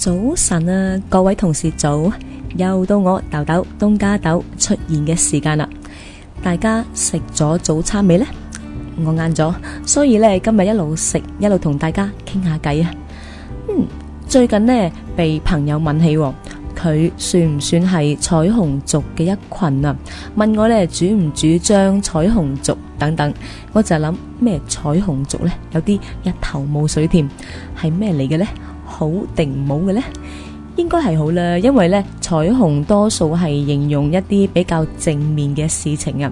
早晨啊，各位同事早，又到我豆豆東加豆出現嘅時間啦！大家食咗早餐未呢？我晏咗，所以呢今日一路食一路同大家傾下偈啊！嗯，最近呢被朋友問起，佢算唔算係彩虹族嘅一群啊？問我呢主唔主張彩虹族等等，我就諗，咩彩虹族呢，有啲一頭霧水添，係咩嚟嘅呢？好定唔好嘅呢，應該係好啦，因為呢，彩虹多數係形容一啲比較正面嘅事情啊。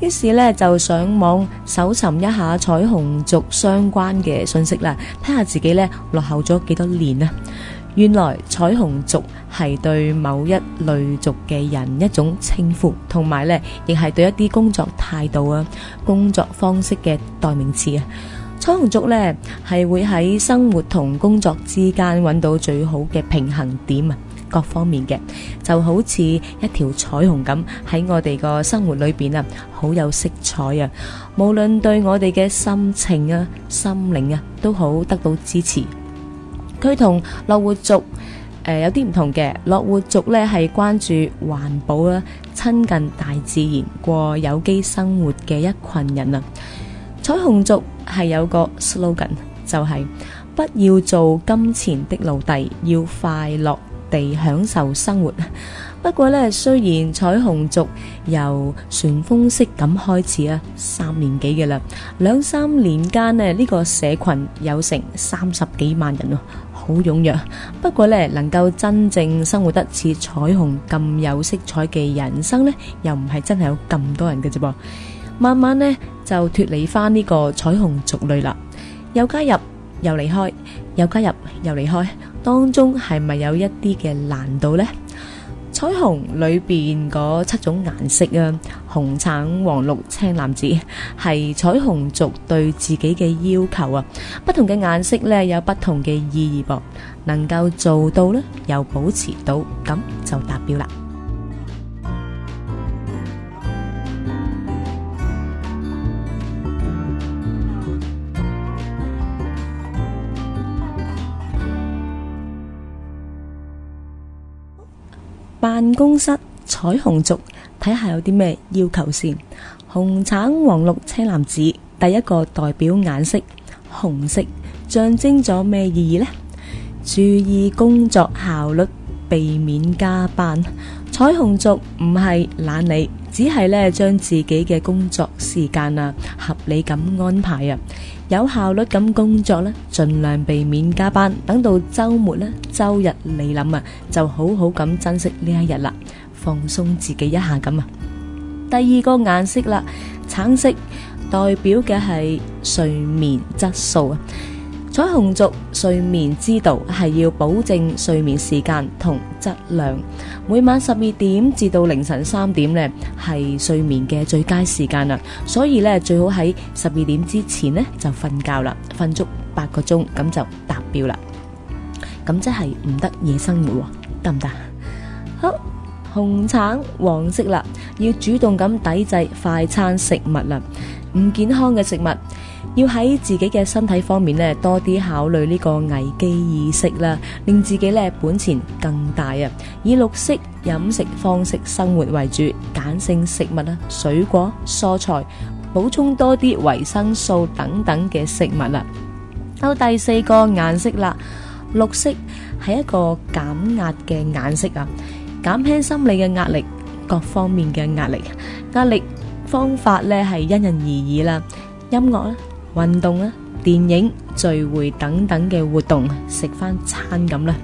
於是呢，就上網搜尋一下彩虹族相關嘅信息啦，睇下自己呢落後咗幾多年啊。原來彩虹族係對某一類族嘅人一種稱呼，同埋呢亦係對一啲工作態度啊、工作方式嘅代名詞啊。彩虹族咧，係會喺生活同工作之間搵到最好嘅平衡點啊，各方面嘅就好似一條彩虹咁喺我哋個生活裏邊啊，好有色彩啊！無論對我哋嘅心情啊、心靈啊，都好得到支持。佢同樂活族誒、呃、有啲唔同嘅，樂活族咧，係關注環保啦、親近大自然、過有機生活嘅一群人啊。彩虹族係有個 slogan，就係不要做金錢的奴隸，要快樂地享受生活。不過呢，雖然彩虹族由旋風式咁開始啊，三年幾嘅啦，兩三年間呢，呢、呢個社群有成三十幾萬人哦，好踴躍。不過呢，能夠真正生活得似彩虹咁有色彩嘅人生呢，又唔係真係有咁多人嘅啫噃。慢慢呢就脫離翻呢個彩虹族類啦，又加入又離開，又加入又離開，當中係咪有一啲嘅難度呢？彩虹裏邊嗰七種顏色啊，紅、橙、黃、綠、青、藍、紫，係彩虹族對自己嘅要求啊。不同嘅顏色呢有不同嘅意義噃，能夠做到呢又保持到，咁就達標啦。辦公室彩虹族睇下有啲咩要求先。紅、橙、黃、綠、青、藍、紫，第一個代表顏色，紅色象徵咗咩意義呢？注意工作效率，避免加班。彩虹族唔係懶你，只係將自己嘅工作時間合理噉安排，有效率噉工作，盡量避免加班，等到周末，周日你諗，就好好噉珍惜呢一日啦，放鬆自己一下噉。第二個顏色啦，橙色代表嘅係睡眠質素。彩虹族睡眠之道係要保證睡眠時間同質量。每晚十二點至到凌晨三點呢係睡眠嘅最佳時間啦，所以呢最好喺十二點之前呢就瞓覺啦，瞓足八個鐘咁就達標啦。咁即係唔得夜生活，得唔得？3 12 8紅橙黃色啦，要主動咁抵制快餐食物啦，唔健康嘅食物，要喺自己嘅身體方面咧多啲考慮呢個危機意識啦，令自己呢本錢更大啊！以綠色飲食方式生活為主，鹼性食物啦，水果、蔬菜，補充多啲維生素等等嘅食物啦。到第四個顏色啦，綠色係一個減壓嘅顏色啊。減輕心理嘅壓力，各方面嘅壓力，壓力方法咧係因人而異啦。音樂啦，運動啦，電影、聚會等等嘅活動，食翻餐咁啦。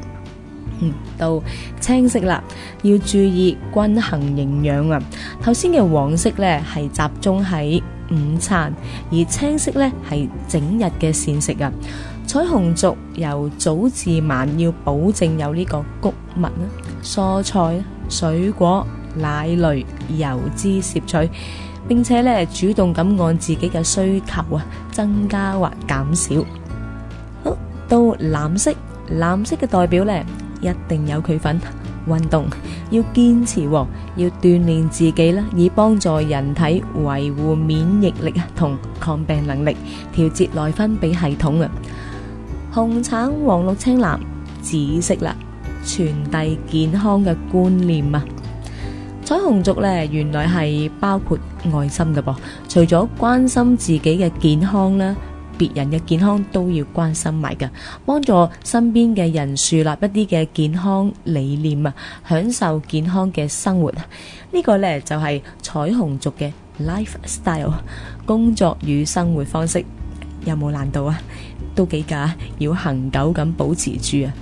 嗯，到青色啦，要注意均衡營養啊。頭先嘅黃色呢係集中喺午餐，而青色呢係整日嘅膳食啊。彩虹族由早至晚要保證有呢個穀物啦、蔬菜啦、水果、奶類、油脂攝取，並且咧主動咁按自己嘅需求啊，增加或減少。好，到藍色，藍色嘅代表咧一定有佢份運動，要堅持喎，要鍛煉自己啦，以幫助人體維護免疫力啊，同抗病能力，調節內分泌系統啊。紅橙黃綠青藍紫色啦，傳遞健康嘅觀念啊！彩虹族咧，原來係包括愛心㗎噃，除咗關心自己嘅健康啦，別人嘅健康都要關心埋噶，幫助身邊嘅人樹立一啲嘅健康理念啊，享受健康嘅生活，呢個咧就係彩虹族嘅 lifestyle，工作與生活方式。有冇難度啊？都幾噶，要恒久咁保持住啊。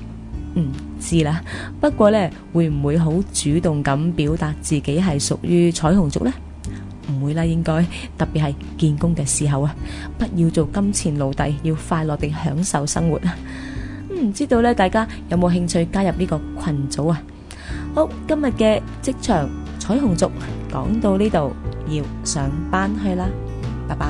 嗯，知啦。不過呢，會唔會好主動咁表達自己係屬於彩虹族呢？唔會啦，應該。特別係見工嘅時候啊，不要做金錢奴隸，要快樂地享受生活啊。唔知道呢，大家有冇興趣加入呢個群組啊？好，今日嘅職場彩虹族講到呢度，要上班去啦，拜拜。